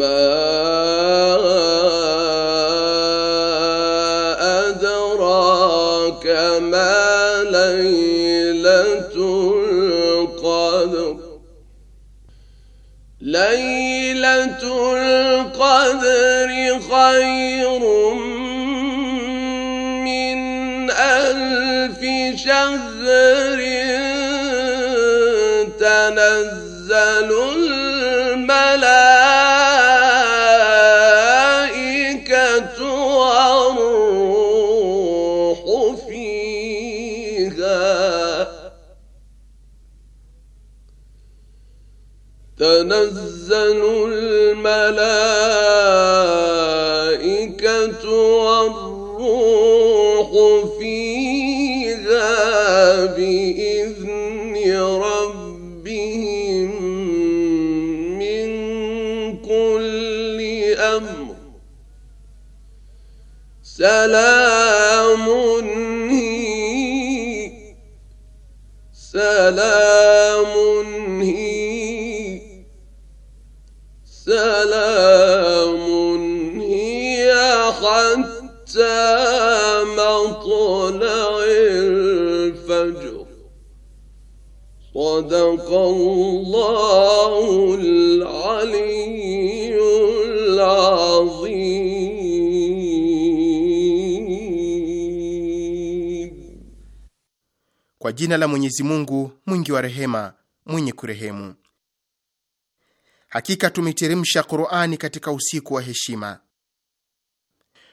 وما أدراك ما ليلة القدر ليلة القدر خير الملائكة والروح فيها بإذن ربهم من كل أمر سلام هي سلام Kwa jina la Mwenyezi Mungu mwingi wa rehema mwenye kurehemu. Hakika tumeteremsha Qur'ani katika usiku wa heshima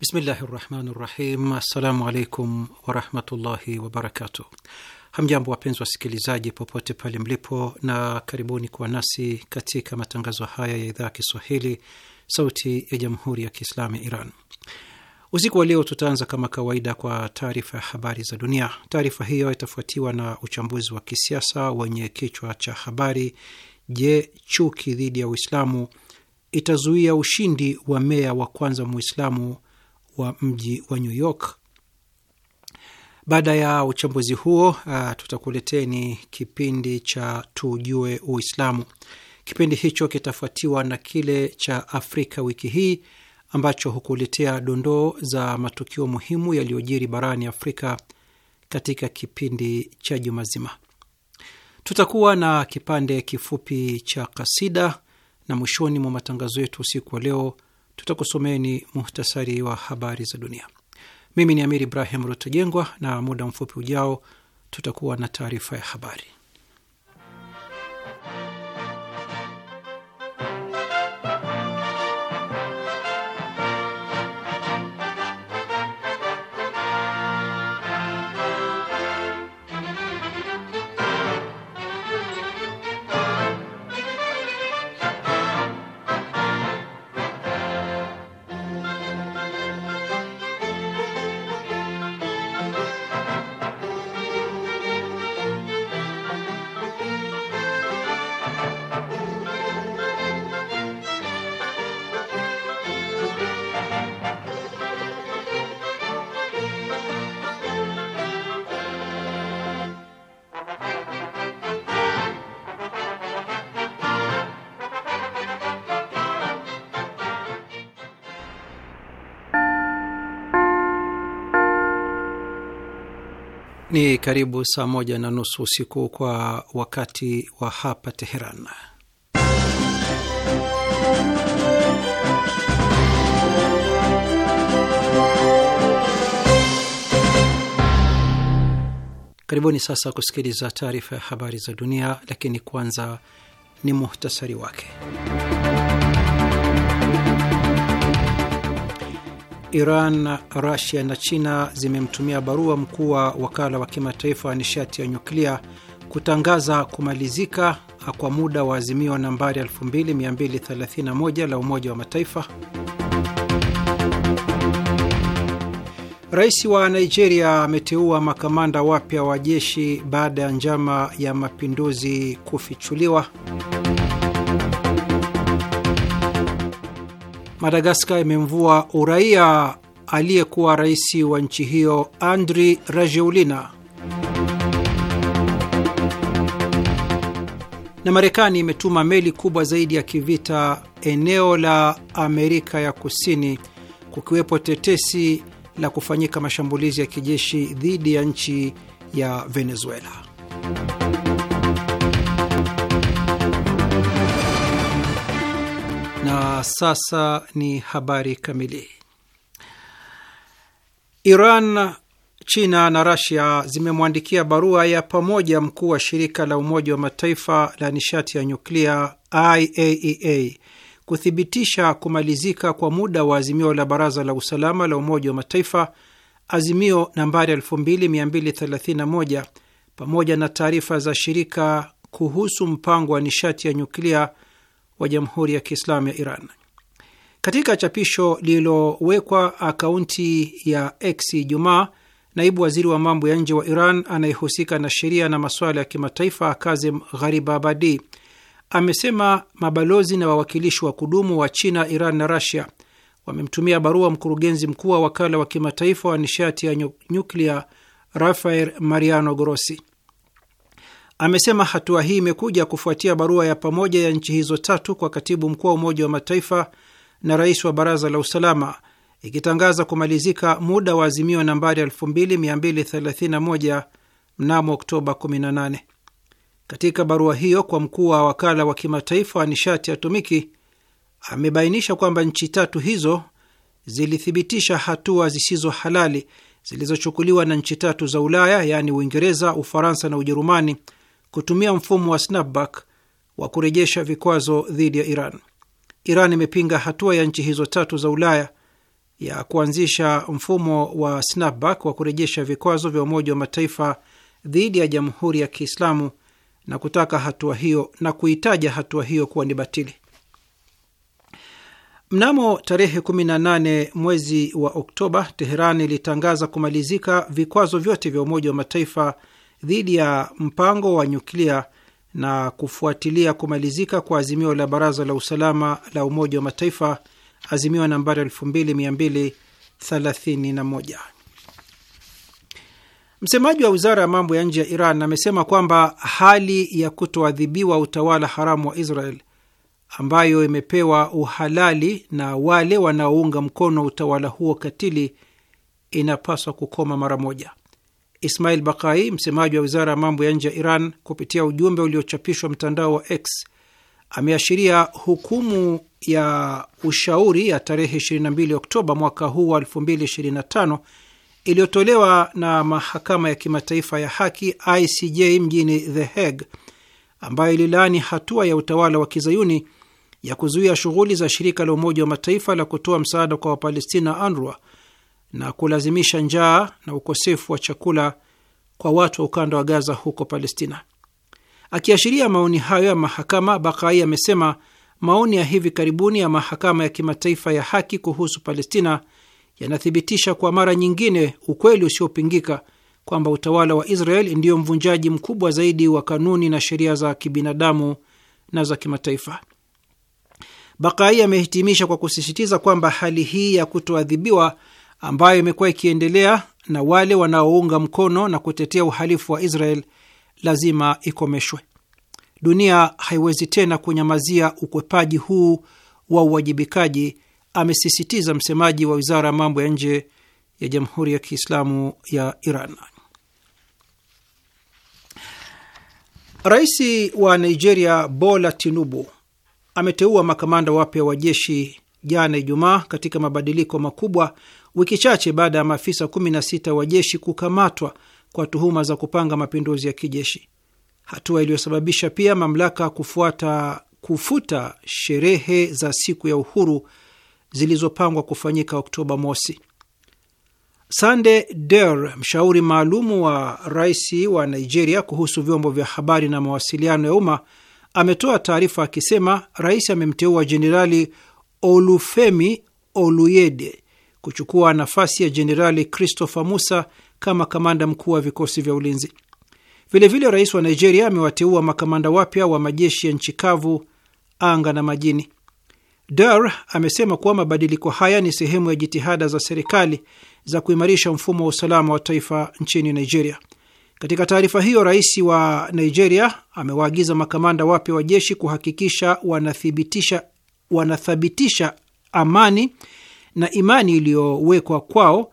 Bismillahi rahmani rahim. Assalamu alaikum warahmatullahi wabarakatu Hamjambo wapenzi wasikilizaji, popote pale mlipo, na karibuni kuwa nasi katika matangazo haya ya idhaa ya Kiswahili, Sauti ya Jamhuri ya Kiislamu ya Iran. Usiku wa leo tutaanza kama kawaida kwa taarifa ya habari za dunia. Taarifa hiyo itafuatiwa na uchambuzi wa kisiasa wenye kichwa cha habari, Je, chuki dhidi ya Uislamu itazuia ushindi wa meya wa kwanza Muislamu wa mji wa New York. Baada ya uchambuzi huo, uh, tutakuleteni kipindi cha tujue Uislamu. Kipindi hicho kitafuatiwa na kile cha Afrika wiki hii ambacho hukuletea dondoo za matukio muhimu yaliyojiri barani Afrika katika kipindi cha juma zima. Tutakuwa na kipande kifupi cha kasida na mwishoni mwa matangazo yetu usiku wa leo tutakusomeni muhtasari wa habari za dunia. Mimi ni Amir Ibrahim Rutajengwa, na muda mfupi ujao tutakuwa na taarifa ya habari. Ni karibu saa moja na nusu usiku kwa wakati wa hapa Teheran. Karibuni sasa kusikiliza taarifa ya habari za dunia, lakini kwanza ni muhtasari wake. Iran, Rasia na China zimemtumia barua mkuu wa wakala wa kimataifa wa nishati ya nyuklia kutangaza kumalizika kwa muda wa azimio nambari 2231 la Umoja wa Mataifa. Rais wa Nigeria ameteua makamanda wapya wa jeshi baada ya njama ya mapinduzi kufichuliwa. Madagaskar imemvua uraia aliyekuwa rais wa nchi hiyo Andry Rajoelina. Na Marekani imetuma meli kubwa zaidi ya kivita eneo la Amerika ya Kusini, kukiwepo tetesi la kufanyika mashambulizi ya kijeshi dhidi ya nchi ya Venezuela. Na sasa ni habari kamili. Iran, China na Rasia zimemwandikia barua ya pamoja mkuu wa shirika la Umoja wa Mataifa la nishati ya nyuklia IAEA e kuthibitisha kumalizika kwa muda wa azimio la Baraza la Usalama la Umoja wa Mataifa, azimio nambari 2231 pamoja na taarifa za shirika kuhusu mpango wa nishati ya nyuklia wa Jamhuri ya Kiislamu ya Iran. Katika chapisho lililowekwa akaunti ya X Ijumaa, naibu waziri wa mambo ya nje wa Iran anayehusika na sheria na masuala ya kimataifa Kazim Gharibabadi amesema mabalozi na wawakilishi wa kudumu wa China, Iran na Rasia wamemtumia barua mkurugenzi mkuu wa wakala wa kimataifa wa nishati ya nyuklia Rafael Mariano Grossi. Amesema hatua hii imekuja kufuatia barua ya pamoja ya nchi hizo tatu kwa katibu mkuu wa Umoja wa Mataifa na rais wa Baraza la Usalama ikitangaza kumalizika muda wa azimio nambari 2231 mnamo Oktoba 18. Katika barua hiyo kwa mkuu wa wakala wa kimataifa wa nishati atomiki amebainisha kwamba nchi tatu hizo zilithibitisha hatua zisizo halali zilizochukuliwa na nchi tatu za Ulaya, yaani Uingereza, Ufaransa na Ujerumani kutumia mfumo wa snapback wa kurejesha vikwazo dhidi ya Iran. Iran imepinga hatua ya nchi hizo tatu za Ulaya ya kuanzisha mfumo wa snapback wa kurejesha vikwazo vya Umoja wa Mataifa dhidi ya Jamhuri ya Kiislamu na kutaka hatua hiyo na kuitaja hatua hiyo kuwa ni batili. Mnamo tarehe 18 mwezi wa Oktoba, Teheran ilitangaza kumalizika vikwazo vyote vya Umoja wa Mataifa dhidi ya mpango wa nyuklia na kufuatilia kumalizika kwa azimio la Baraza la Usalama la Umoja wa Mataifa, azimio nambari 2231. Msemaji wa wizara ya mambo ya nje ya Iran amesema kwamba hali ya kutoadhibiwa utawala haramu wa Israel ambayo imepewa uhalali na wale wanaounga mkono utawala huo katili inapaswa kukoma mara moja. Ismail Bakai, msemaji wa wizara ya mambo ya nje ya Iran, kupitia ujumbe uliochapishwa mtandao wa X ameashiria hukumu ya ushauri ya tarehe 22 Oktoba mwaka huu wa 2025 iliyotolewa na mahakama ya kimataifa ya haki ICJ mjini The Hague, ambayo ililaani hatua ya utawala wa kizayuni ya kuzuia shughuli za shirika la Umoja wa Mataifa la kutoa msaada kwa Wapalestina, UNRWA, na kulazimisha njaa na ukosefu wa chakula kwa watu wa ukanda wa Gaza huko Palestina. Akiashiria maoni hayo ya mahakama, Bakai amesema maoni ya hivi karibuni ya mahakama ya kimataifa ya haki kuhusu Palestina yanathibitisha kwa mara nyingine ukweli usiopingika kwamba utawala wa Israel ndiyo mvunjaji mkubwa zaidi wa kanuni na sheria za kibinadamu na za kimataifa. Bakai amehitimisha kwa kusisitiza kwamba hali hii ya kutoadhibiwa ambayo imekuwa ikiendelea na wale wanaounga mkono na kutetea uhalifu wa Israel lazima ikomeshwe. Dunia haiwezi tena kunyamazia ukwepaji huu wa uwajibikaji, amesisitiza msemaji wa wizara ya mambo ya nje ya Jamhuri ya Kiislamu ya Iran. Rais wa Nigeria Bola Tinubu ameteua makamanda wapya wa jeshi jana Ijumaa katika mabadiliko makubwa wiki chache baada ya maafisa 16 wa jeshi kukamatwa kwa tuhuma za kupanga mapinduzi ya kijeshi, hatua iliyosababisha pia mamlaka kufuata kufuta sherehe za siku ya uhuru zilizopangwa kufanyika Oktoba mosi. Sande Der, mshauri maalumu wa rais wa Nigeria kuhusu vyombo vya habari na mawasiliano ya umma, ametoa taarifa akisema rais amemteua Jenerali Olufemi Oluyede kuchukua nafasi ya Jenerali Christopher Musa kama kamanda mkuu wa vikosi vya ulinzi. Vilevile, rais wa Nigeria amewateua makamanda wapya wa majeshi ya nchi kavu, anga na majini. Dar amesema kuwa mabadiliko haya ni sehemu ya jitihada za serikali za kuimarisha mfumo wa usalama wa taifa nchini Nigeria. Katika taarifa hiyo, rais wa Nigeria amewaagiza makamanda wapya wa jeshi kuhakikisha wanathibitisha wanathabitisha amani na imani iliyowekwa kwao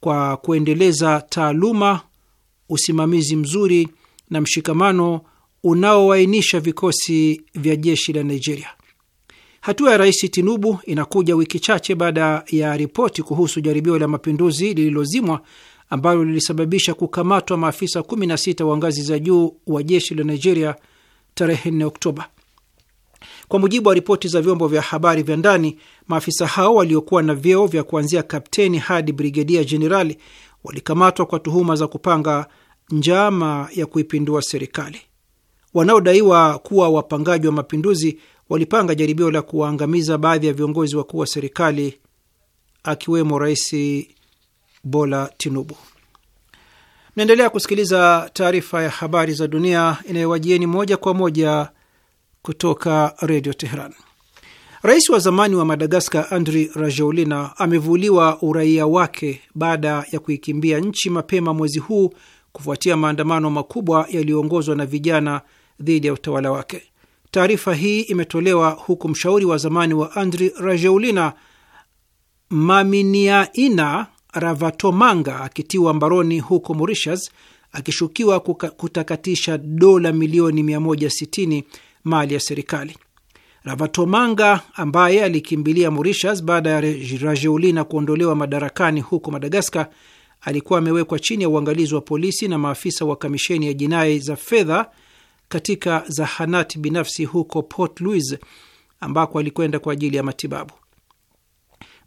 kwa kuendeleza taaluma, usimamizi mzuri na mshikamano unaoainisha vikosi vya jeshi la Nigeria. Hatua ya Rais Tinubu inakuja wiki chache baada ya ripoti kuhusu jaribio la mapinduzi lililozimwa ambalo lilisababisha kukamatwa maafisa 16 wa ngazi za juu wa jeshi la Nigeria tarehe 4 Oktoba. Kwa mujibu wa ripoti za vyombo vya habari vya ndani, maafisa hao waliokuwa na vyeo vya kuanzia kapteni hadi brigedia jenerali walikamatwa kwa tuhuma za kupanga njama ya kuipindua serikali. Wanaodaiwa kuwa wapangaji wa mapinduzi walipanga jaribio la kuwaangamiza baadhi ya viongozi wakuu wa serikali akiwemo Rais Bola Tinubu. Mnaendelea kusikiliza taarifa ya habari za dunia inayowajieni moja kwa moja kutoka Redio Teheran. Rais wa zamani wa Madagaskar Andry Rajoelina amevuliwa uraia wake baada ya kuikimbia nchi mapema mwezi huu kufuatia maandamano makubwa yaliyoongozwa na vijana dhidi ya utawala wake. Taarifa hii imetolewa huku mshauri wa zamani wa Andry Rajoelina Maminiaina Ravatomanga akitiwa mbaroni huko Mauritius akishukiwa kutakatisha dola milioni 160 mali ya serikali. Ravatomanga ambaye alikimbilia Mauritius baada ya Rajoelina kuondolewa madarakani huko Madagaskar alikuwa amewekwa chini ya uangalizi wa polisi na maafisa wa kamisheni ya jinai za fedha katika zahanati binafsi huko Port Louis ambako alikwenda kwa ajili ya matibabu.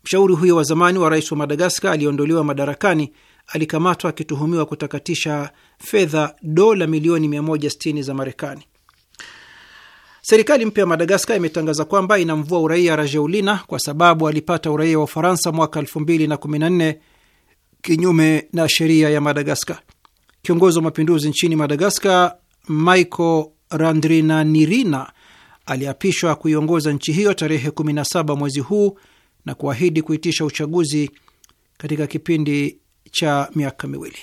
Mshauri huyo wa zamani wa rais wa Madagaskar aliyeondolewa madarakani alikamatwa akituhumiwa kutakatisha fedha dola milioni 160 za Marekani. Serikali mpya ya Madagaskar imetangaza kwamba inamvua uraia Rajeulina kwa sababu alipata uraia wa Ufaransa mwaka 2014 kinyume na sheria ya Madagaskar. Kiongozi wa mapinduzi nchini Madagaskar, Michael Randrinanirina, aliapishwa kuiongoza nchi hiyo tarehe 17 mwezi huu na kuahidi kuitisha uchaguzi katika kipindi cha miaka miwili.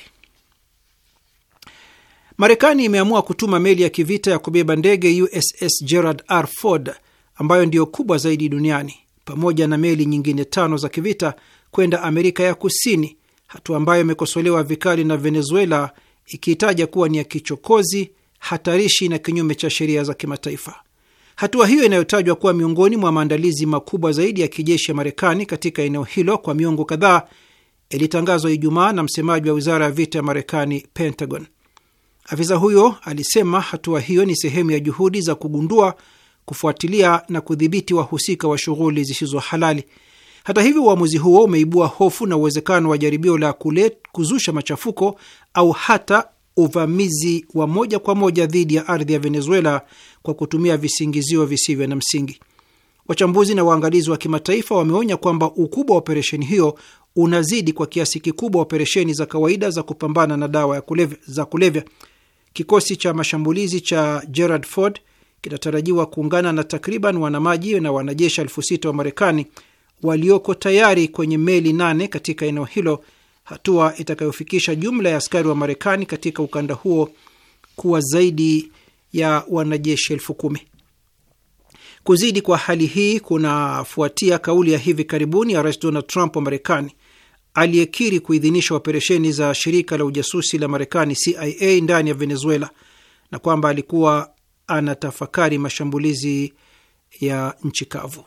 Marekani imeamua kutuma meli ya kivita ya kubeba ndege USS Gerald R. Ford ambayo ndiyo kubwa zaidi duniani pamoja na meli nyingine tano za kivita kwenda Amerika ya Kusini, hatua ambayo imekosolewa vikali na Venezuela ikiitaja kuwa ni ya kichokozi, hatarishi na kinyume cha sheria za kimataifa. Hatua hiyo inayotajwa kuwa miongoni mwa maandalizi makubwa zaidi ya kijeshi ya Marekani katika eneo hilo kwa miongo kadhaa ilitangazwa Ijumaa na msemaji wa wizara ya vita ya Marekani, Pentagon. Afisa huyo alisema hatua hiyo ni sehemu ya juhudi za kugundua, kufuatilia na kudhibiti wahusika wa, shughuli zisizo halali. Hata hivyo, uamuzi huo umeibua hofu na uwezekano wa jaribio la kule kuzusha machafuko au hata uvamizi wa moja kwa moja dhidi ya ardhi ya Venezuela kwa kutumia visingizio visivyo na msingi. Wachambuzi na waangalizi wa kimataifa wameonya kwamba ukubwa wa operesheni hiyo unazidi kwa kiasi kikubwa operesheni za kawaida za kupambana na dawa ya kulevya, za kulevya Kikosi cha mashambulizi cha Gerald Ford kinatarajiwa kuungana na takriban wanamaji na wanajeshi elfu sita wa Marekani walioko tayari kwenye meli nane katika eneo hilo, hatua itakayofikisha jumla ya askari wa Marekani katika ukanda huo kuwa zaidi ya wanajeshi elfu kumi. Kuzidi kwa hali hii kunafuatia kauli ya hivi karibuni ya Rais Donald Trump wa Marekani aliyekiri kuidhinisha operesheni za shirika la ujasusi la Marekani CIA ndani ya Venezuela na kwamba alikuwa anatafakari mashambulizi ya nchi kavu.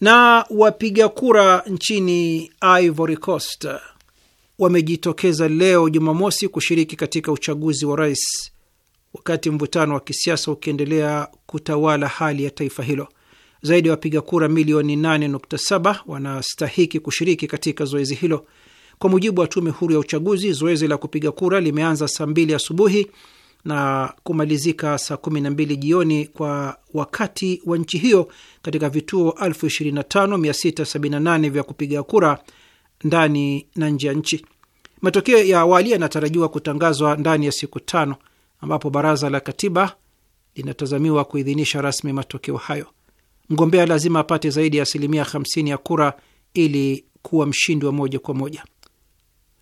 Na wapiga kura nchini Ivory Coast wamejitokeza leo Jumamosi kushiriki katika uchaguzi wa rais, wakati mvutano wa kisiasa ukiendelea kutawala hali ya taifa hilo. Zaidi ya wapiga kura milioni 8.7 wanastahiki kushiriki katika zoezi hilo. Kwa mujibu wa tume huru ya uchaguzi, zoezi la kupiga kura limeanza saa 2 asubuhi na kumalizika saa 12 jioni kwa wakati wa nchi hiyo katika vituo 25678 vya kupiga kura ndani na nje ya nchi. Matokeo ya awali yanatarajiwa kutangazwa ndani ya siku tano, ambapo baraza la katiba linatazamiwa kuidhinisha rasmi matokeo hayo mgombea lazima apate zaidi ya asilimia 50 ya kura ili kuwa mshindi wa moja kwa moja.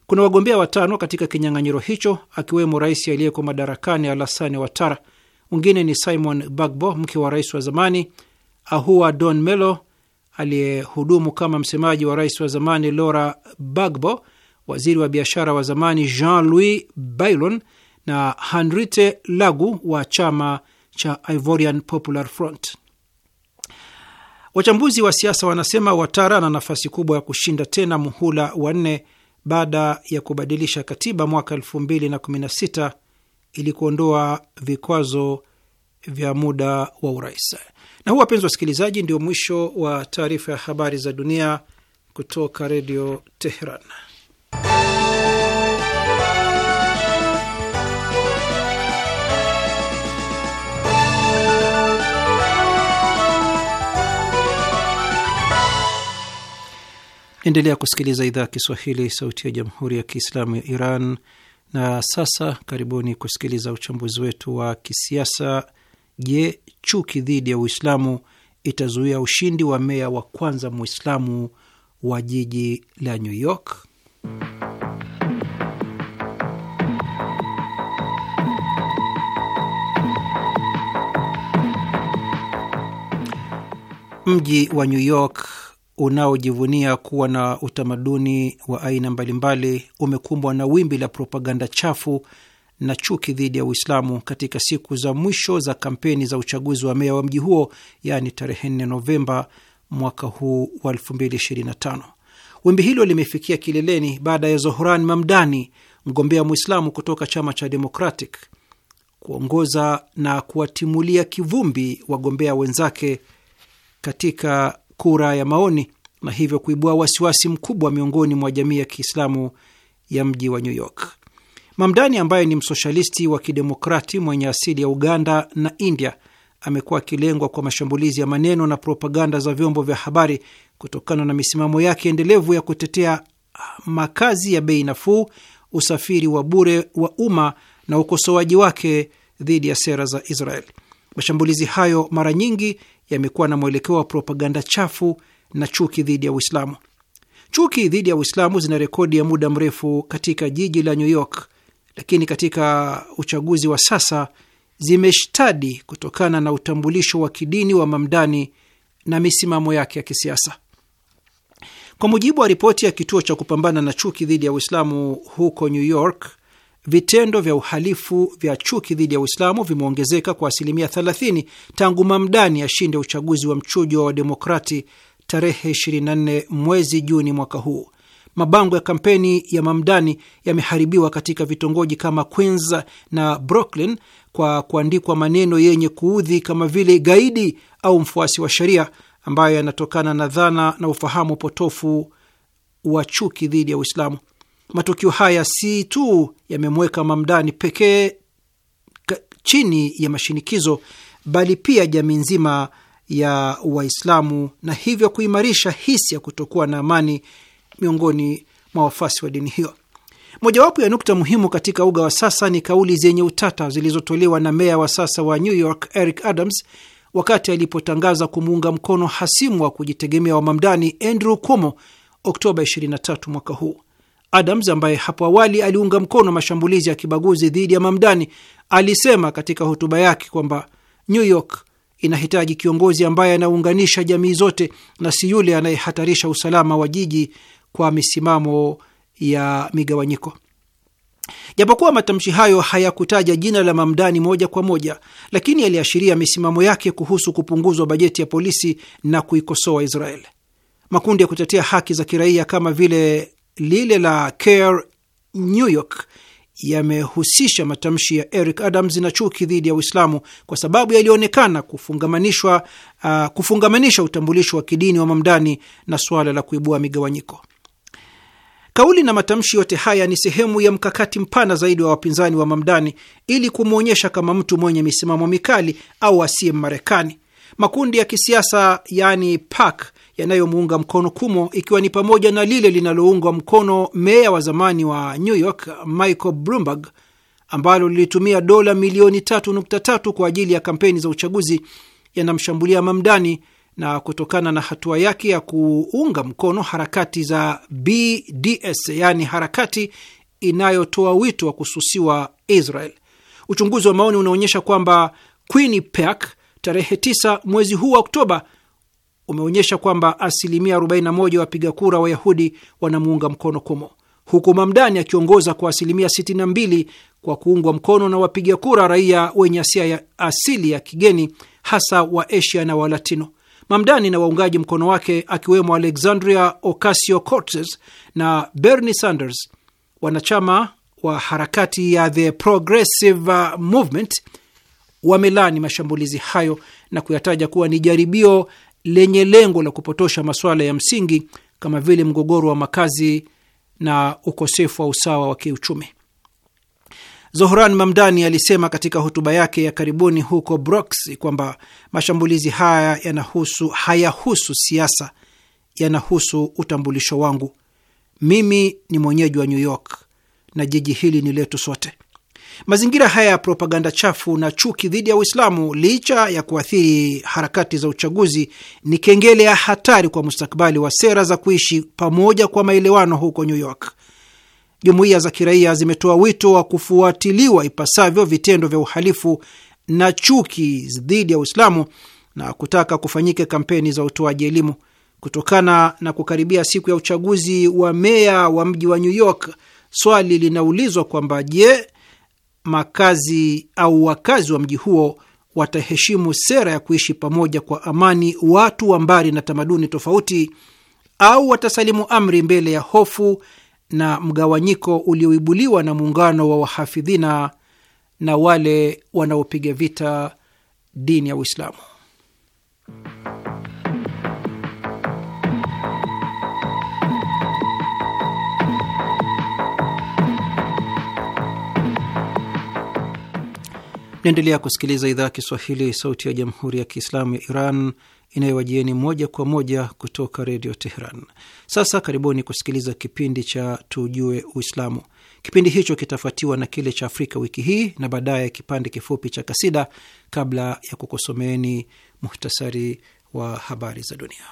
Kuna wagombea watano katika kinyang'anyiro hicho, akiwemo rais aliyeko madarakani Alassane Ouattara. Mwingine ni Simon Bagbo, mke wa rais wa zamani ahua Don Melo, aliyehudumu kama msemaji wa rais wa zamani Laura Bagbo, waziri wa biashara wa zamani Jean-Louis Bailon na hanrite Lagu wa chama cha Ivorian Popular Front. Wachambuzi wa siasa wanasema Watara ana nafasi kubwa ya kushinda tena muhula wa nne baada ya kubadilisha katiba mwaka sita ili kuondoa vikwazo vya muda wa urais. Na huu, wapenzi wasikilizaji, ndio mwisho wa taarifa ya habari za dunia kutoka Redio Teheran. Endelea kusikiliza idhaa ya Kiswahili, sauti ya jamhuri ya kiislamu ya Iran. Na sasa karibuni kusikiliza uchambuzi wetu wa kisiasa. Je, chuki dhidi ya Uislamu itazuia ushindi wa meya wa kwanza muislamu wa jiji la New York? Mji wa New York unaojivunia kuwa na utamaduni wa aina mbalimbali umekumbwa na wimbi la propaganda chafu na chuki dhidi ya Uislamu katika siku za mwisho za kampeni za uchaguzi wa meya wa mji huo, yaani tarehe 4 Novemba mwaka huu wa 2025. Wimbi hilo limefikia kileleni baada ya Zohran Mamdani, mgombea Mwislamu kutoka chama cha Democratic, kuongoza na kuwatimulia kivumbi wagombea wenzake katika kura ya maoni na hivyo kuibua wasiwasi mkubwa miongoni mwa jamii ya Kiislamu ya mji wa New York. Mamdani ambaye ni msoshalisti wa kidemokrati mwenye asili ya Uganda na India amekuwa akilengwa kwa mashambulizi ya maneno na propaganda za vyombo vya habari kutokana na misimamo yake endelevu ya kutetea makazi ya bei nafuu, usafiri wa bure wa umma na ukosoaji wake dhidi ya sera za israel Mashambulizi hayo mara nyingi yamekuwa na mwelekeo wa propaganda chafu na chuki dhidi ya Uislamu. Chuki dhidi ya Uislamu zina rekodi ya muda mrefu katika jiji la New York, lakini katika uchaguzi wa sasa zimeshtadi kutokana na utambulisho wa kidini wa Mamdani na misimamo yake ya kisiasa. Kwa mujibu wa ripoti ya kituo cha kupambana na chuki dhidi ya Uislamu huko New York, vitendo vya uhalifu vya chuki dhidi ya Uislamu vimeongezeka kwa asilimia 30 tangu Mamdani ashinde uchaguzi wa mchujo wa Wademokrati tarehe 24 mwezi Juni mwaka huu. Mabango ya kampeni ya Mamdani yameharibiwa katika vitongoji kama Queens na Brooklyn kwa kuandikwa maneno yenye kuudhi kama vile gaidi au mfuasi wa sheria, ambayo yanatokana na dhana na ufahamu potofu wa chuki dhidi ya Uislamu. Matukio haya si tu yamemweka Mamdani pekee chini ya mashinikizo, bali pia jamii nzima ya Waislamu na hivyo kuimarisha hisi ya kutokuwa na amani miongoni mwa wafuasi wa dini hiyo. Mojawapo ya nukta muhimu katika uga wa sasa ni kauli zenye utata zilizotolewa na meya wa sasa wa New York Eric Adams wakati alipotangaza kumuunga mkono hasimu wa kujitegemea wa Mamdani Andrew Cuomo Oktoba 23 mwaka huu. Adams ambaye hapo awali aliunga mkono mashambulizi ya kibaguzi dhidi ya Mamdani alisema katika hotuba yake kwamba New York inahitaji kiongozi ambaye anaunganisha jamii zote na si yule anayehatarisha usalama wa jiji kwa misimamo ya migawanyiko. Japokuwa matamshi hayo hayakutaja jina la Mamdani moja kwa moja, lakini aliashiria misimamo yake kuhusu kupunguzwa bajeti ya polisi na kuikosoa israel Makundi ya kutetea haki za kiraia kama vile lile la Care New York yamehusisha matamshi ya Eric Adams na chuki dhidi ya Uislamu kwa sababu yalionekana kufungamanishwa uh, kufungamanisha utambulisho wa kidini wa Mamdani na suala la kuibua migawanyiko. Kauli na matamshi yote haya ni sehemu ya mkakati mpana zaidi wa wapinzani wa Mamdani ili kumwonyesha kama mtu mwenye misimamo mikali au asiye Mmarekani. Makundi ya kisiasa yaani PAC yanayomuunga mkono Kumo, ikiwa ni pamoja na lile linaloungwa mkono meya wa zamani wa New York Michael Bloomberg, ambalo lilitumia dola milioni 3.3 kwa ajili ya kampeni za uchaguzi, yanamshambulia Mamdani na kutokana na hatua yake ya kuunga mkono harakati za BDS, yaani harakati inayotoa wito wa kususiwa Israel. Uchunguzi wa maoni unaonyesha kwamba Quinnipiac tarehe 9 mwezi huu wa Oktoba umeonyesha kwamba asilimia 41 wapiga kura Wayahudi wanamuunga mkono Kumo, huku Mamdani akiongoza kwa asilimia 62 kwa kuungwa mkono na wapiga kura raia wenye asili ya kigeni hasa wa Asia na Walatino. Mamdani na waungaji mkono wake akiwemo Alexandria Ocasio Cortez na Bernie Sanders, wanachama wa harakati ya The Progressive Movement, wamelani mashambulizi hayo na kuyataja kuwa ni jaribio lenye lengo la kupotosha masuala ya msingi kama vile mgogoro wa makazi na ukosefu wa usawa wa kiuchumi. Zohran Mamdani alisema katika hotuba yake ya karibuni huko Brox kwamba mashambulizi haya yanahusu hayahusu siasa, yanahusu utambulisho wangu. Mimi ni mwenyeji wa New York na jiji hili ni letu sote. Mazingira haya ya propaganda chafu na chuki dhidi ya Uislamu, licha ya kuathiri harakati za uchaguzi, ni kengele ya hatari kwa mustakabali wa sera za kuishi pamoja kwa maelewano huko New York. Jumuiya za kiraia zimetoa wito wa kufuatiliwa ipasavyo vitendo vya uhalifu na chuki dhidi ya Uislamu na kutaka kufanyike kampeni za utoaji elimu. Kutokana na kukaribia siku ya uchaguzi wa meya wa mji wa New York, swali linaulizwa kwamba je, makazi au wakazi wa mji huo wataheshimu sera ya kuishi pamoja kwa amani watu wa mbari na tamaduni tofauti, au watasalimu amri mbele ya hofu na mgawanyiko ulioibuliwa na muungano wa wahafidhina na wale wanaopiga vita dini ya Uislamu. naendelea kusikiliza idhaa ya Kiswahili, sauti ya jamhuri ya kiislamu ya Iran inayowajieni moja kwa moja kutoka redio Teheran. Sasa karibuni kusikiliza kipindi cha Tujue Uislamu. Kipindi hicho kitafuatiwa na kile cha Afrika wiki hii na baadaye kipande kifupi cha kasida kabla ya kukusomeeni muhtasari wa habari za dunia.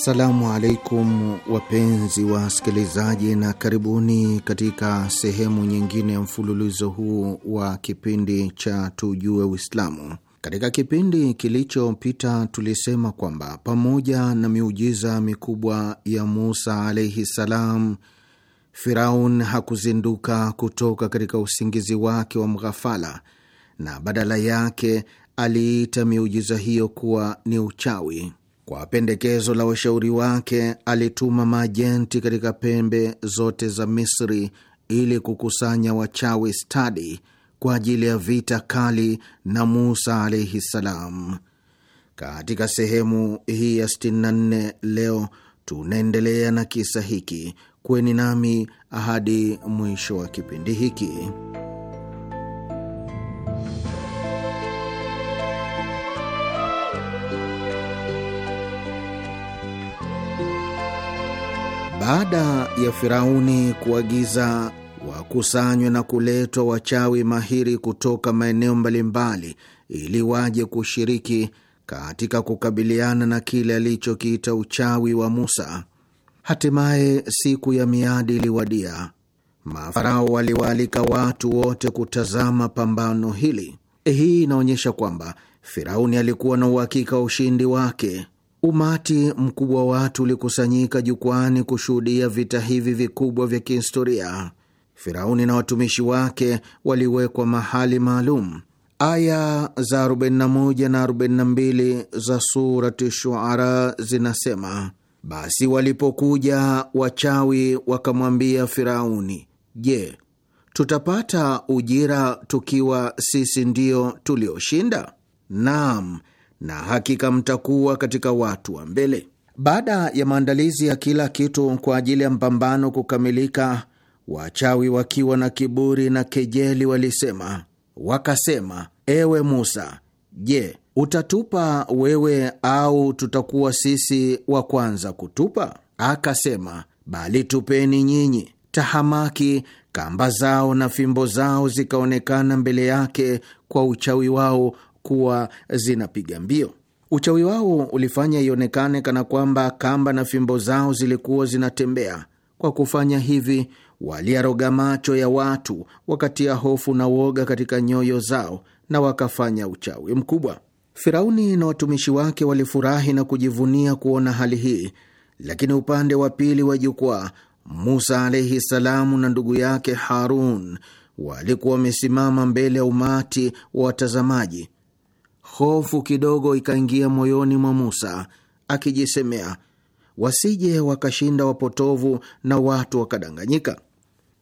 Assalamu alaikum wapenzi wa wasikilizaji, na karibuni katika sehemu nyingine ya mfululizo huu wa kipindi cha Tujue Uislamu. Katika kipindi kilichopita tulisema kwamba pamoja na miujiza mikubwa ya Musa alaihi salam, Firaun hakuzinduka kutoka katika usingizi wake wa mghafala, na badala yake aliita miujiza hiyo kuwa ni uchawi. Kwa pendekezo la washauri wake, alituma majenti katika pembe zote za Misri ili kukusanya wachawi stadi kwa ajili ya vita kali na Musa alaihi ssalam. Katika sehemu hii ya 64 leo tunaendelea na kisa hiki. Kweni nami hadi mwisho wa kipindi hiki. Baada ya Firauni kuagiza wakusanywe na kuletwa wachawi mahiri kutoka maeneo mbalimbali ili waje kushiriki katika kukabiliana na kile alichokiita uchawi wa Musa, hatimaye siku ya miadi iliwadia. Mafarao waliwaalika watu wote kutazama pambano hili. Hii inaonyesha kwamba Firauni alikuwa na uhakika wa ushindi wake. Umati mkubwa wa watu ulikusanyika jukwani kushuhudia vita hivi vikubwa vya kihistoria. Firauni na watumishi wake waliwekwa mahali maalum. Aya za 41 na 42 za Surati Shuara zinasema, basi walipokuja wachawi wakamwambia Firauni, je, tutapata ujira tukiwa sisi ndio tulioshinda? Naam, na hakika mtakuwa katika watu wa mbele. Baada ya maandalizi ya kila kitu kwa ajili ya mpambano kukamilika, wachawi wakiwa na kiburi na kejeli walisema, wakasema: ewe Musa, je, utatupa wewe au tutakuwa sisi wa kwanza kutupa? Akasema, bali tupeni nyinyi. Tahamaki kamba zao na fimbo zao zikaonekana mbele yake kwa uchawi wao kuwa zinapiga mbio. Uchawi wao ulifanya ionekane kana kwamba kamba na fimbo zao zilikuwa zinatembea. Kwa kufanya hivi, waliaroga macho ya watu, wakatia hofu na woga katika nyoyo zao, na wakafanya uchawi mkubwa. Firauni na watumishi wake walifurahi na kujivunia kuona hali hii, lakini upande wa pili wa jukwaa, Musa alaihi salamu na ndugu yake Harun walikuwa wamesimama mbele ya umati wa watazamaji Hofu kidogo ikaingia moyoni mwa Musa akijisemea, wasije wakashinda wapotovu na watu wakadanganyika.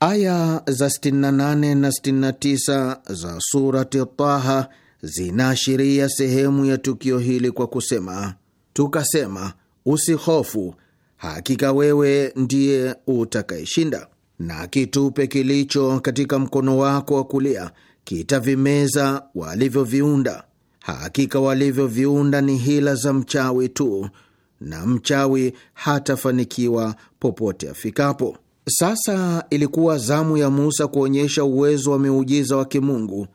Aya za 68 na 69 za surati Taha zinaashiria sehemu ya tukio hili kwa kusema, tukasema usihofu, hakika wewe ndiye utakayeshinda, na kitupe kilicho katika mkono wako wa kulia kitavimeza walivyoviunda Hakika walivyoviunda ni hila za mchawi tu, na mchawi hatafanikiwa popote afikapo. Sasa ilikuwa zamu ya Musa kuonyesha uwezo wa miujiza wa kimungu.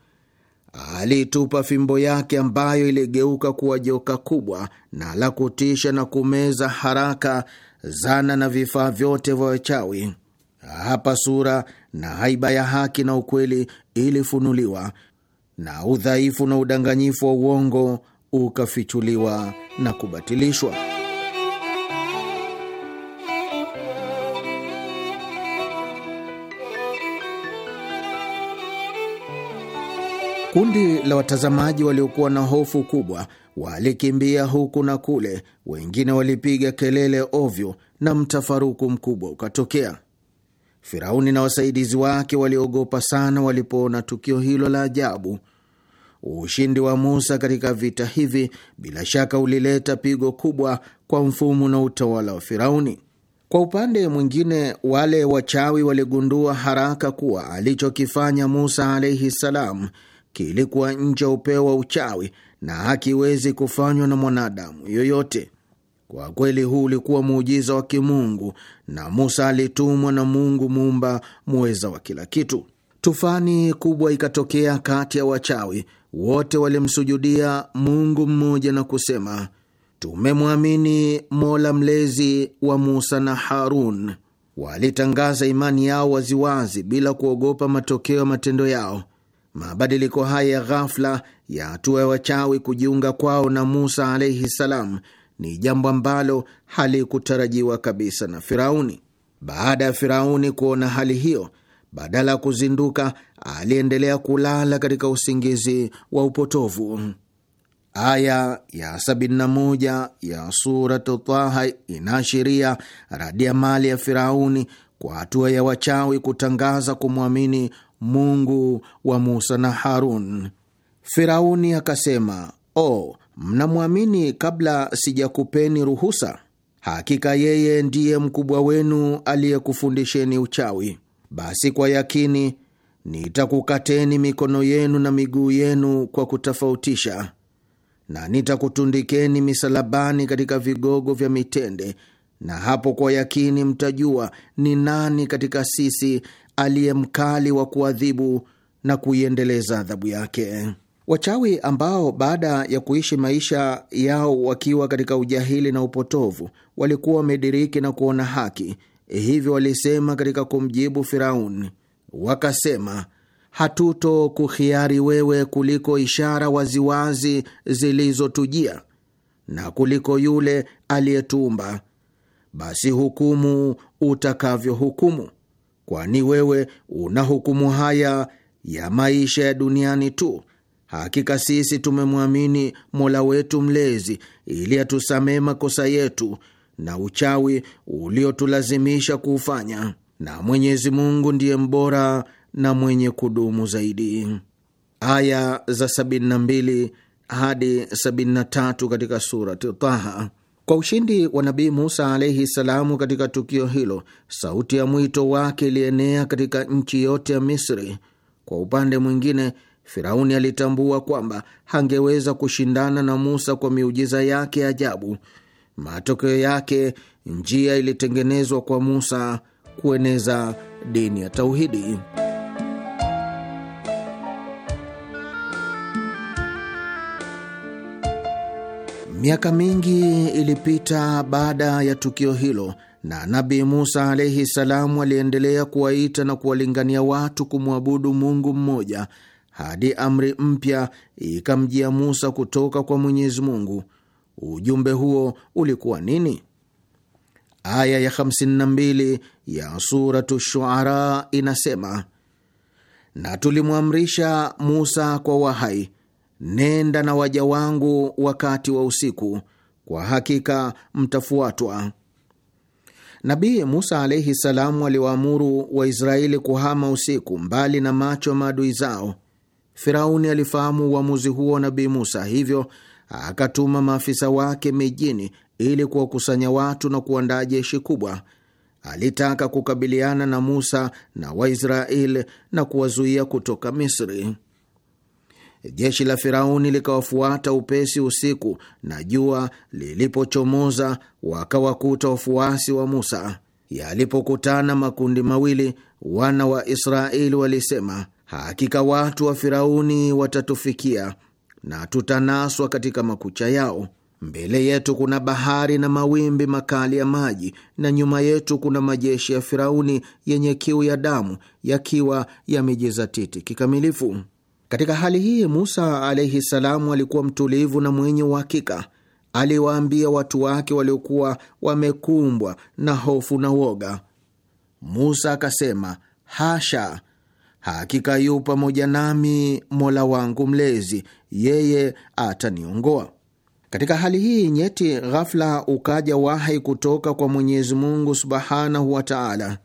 Aliitupa fimbo yake ambayo iligeuka kuwa joka kubwa na la kutisha na kumeza haraka zana na vifaa vyote vya wachawi. Hapa sura na haiba ya haki na ukweli ilifunuliwa na udhaifu na udanganyifu wa uongo ukafichuliwa na kubatilishwa. Kundi la watazamaji waliokuwa na hofu kubwa walikimbia huku na kule, wengine walipiga kelele ovyo na mtafaruku mkubwa ukatokea. Firauni na wasaidizi wake waliogopa sana walipoona tukio hilo la ajabu. Ushindi wa Musa katika vita hivi bila shaka ulileta pigo kubwa kwa mfumo na utawala wa Firauni. Kwa upande mwingine, wale wachawi waligundua haraka kuwa alichokifanya Musa alaihi salam kilikuwa nje ya upeo wa uchawi na hakiwezi kufanywa na mwanadamu yoyote. Kwa kweli huu ulikuwa muujiza wa kimungu na Musa alitumwa na Mungu muumba muweza wa kila kitu. Tufani kubwa ikatokea kati ya wachawi wote, walimsujudia Mungu mmoja na kusema, tumemwamini Mola mlezi wa Musa na Harun. Walitangaza imani yao waziwazi bila kuogopa matokeo ya matendo yao. Mabadiliko haya ya ghafla ya hatua ya wachawi kujiunga kwao na Musa alaihi salam ni jambo ambalo halikutarajiwa kabisa na Firauni. Baada ya Firauni kuona hali hiyo, badala ya kuzinduka, aliendelea kulala katika usingizi wa upotovu. Aya ya 71 ya surat Taha inaashiria radi ya Firauni kwa hatua ya wachawi kutangaza kumwamini Mungu wa Musa na Harun. Firauni akasema, o oh, mnamwamini kabla sijakupeni ruhusa? Hakika yeye ndiye mkubwa wenu aliyekufundisheni uchawi. Basi kwa yakini nitakukateni mikono yenu na miguu yenu kwa kutofautisha, na nitakutundikeni misalabani katika vigogo vya mitende, na hapo kwa yakini mtajua ni nani katika sisi aliye mkali wa kuadhibu na kuiendeleza adhabu yake. Wachawi ambao baada ya kuishi maisha yao wakiwa katika ujahili na upotovu walikuwa wamediriki na kuona haki, hivyo walisema katika kumjibu Firauni, wakasema hatuto kuhiari wewe kuliko ishara waziwazi zilizotujia na kuliko yule aliyetuumba, basi hukumu utakavyohukumu, kwani wewe una hukumu haya ya maisha ya duniani tu Hakika sisi tumemwamini Mola wetu Mlezi ili atusamee makosa yetu na uchawi uliotulazimisha kuufanya, na Mwenyezi Mungu ndiye mbora na mwenye kudumu zaidi. Aya za 72 hadi 73 katika Surati Taha. Kwa ushindi wa Nabii Musa alaihi salamu katika tukio hilo, sauti ya mwito wake ilienea katika nchi yote ya Misri. Kwa upande mwingine Firauni alitambua kwamba hangeweza kushindana na Musa kwa miujiza yake ajabu. Matokeo yake, njia ilitengenezwa kwa Musa kueneza dini ya tauhidi. Miaka mingi ilipita baada ya tukio hilo, na Nabi Musa alaihi salamu aliendelea kuwaita na kuwalingania watu kumwabudu Mungu mmoja hadi amri mpya ikamjia Musa kutoka kwa Mwenyezi Mungu. Ujumbe huo ulikuwa nini? Aya ya 52 ya Suratu Shuara inasema, na tulimwamrisha Musa kwa wahai, nenda na waja wangu wakati wa usiku, kwa hakika mtafuatwa. Nabii Musa alaihi salamu aliwaamuru Waisraeli kuhama usiku, mbali na macho ya maadui zao. Firauni alifahamu uamuzi huo Nabii Musa, hivyo akatuma maafisa wake mijini ili kuwakusanya watu na kuandaa jeshi kubwa. Alitaka kukabiliana na Musa na Waisraeli na kuwazuia kutoka Misri. Jeshi la Firauni likawafuata upesi usiku, na jua lilipochomoza wakawakuta wafuasi wa Musa. Yalipokutana makundi mawili, wana wa Israeli walisema Hakika watu wa Firauni watatufikia na tutanaswa katika makucha yao. Mbele yetu kuna bahari na mawimbi makali ya maji, na nyuma yetu kuna majeshi ya Firauni yenye kiu ya damu, yakiwa yamejizatiti kikamilifu. Katika hali hii, Musa alaihi salamu alikuwa mtulivu na mwenye uhakika. Aliwaambia watu wake waliokuwa wamekumbwa na hofu na woga. Musa akasema, hasha Hakika yu pamoja nami, Mola wangu Mlezi, yeye ataniongoa. Katika hali hii nyeti, ghafla ukaja wahai kutoka kwa Mwenyezi Mungu subhanahu wa taala.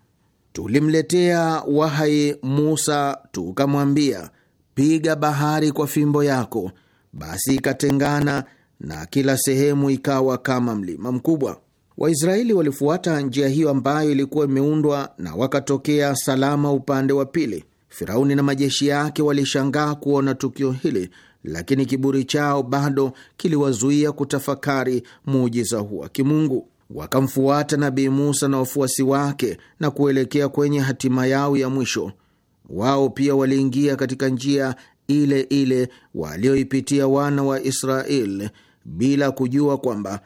Tulimletea wahai Musa tukamwambia, piga bahari kwa fimbo yako, basi ikatengana na kila sehemu ikawa kama mlima mkubwa. Waisraeli walifuata njia hiyo ambayo ilikuwa imeundwa na wakatokea salama upande wa pili. Firauni na majeshi yake walishangaa kuona tukio hili, lakini kiburi chao bado kiliwazuia kutafakari muujiza huu wa kimungu. Wakamfuata Nabii Musa na wafuasi wake na kuelekea kwenye hatima yao ya mwisho. Wao pia waliingia katika njia ile ile walioipitia wana wa Israeli bila kujua kwamba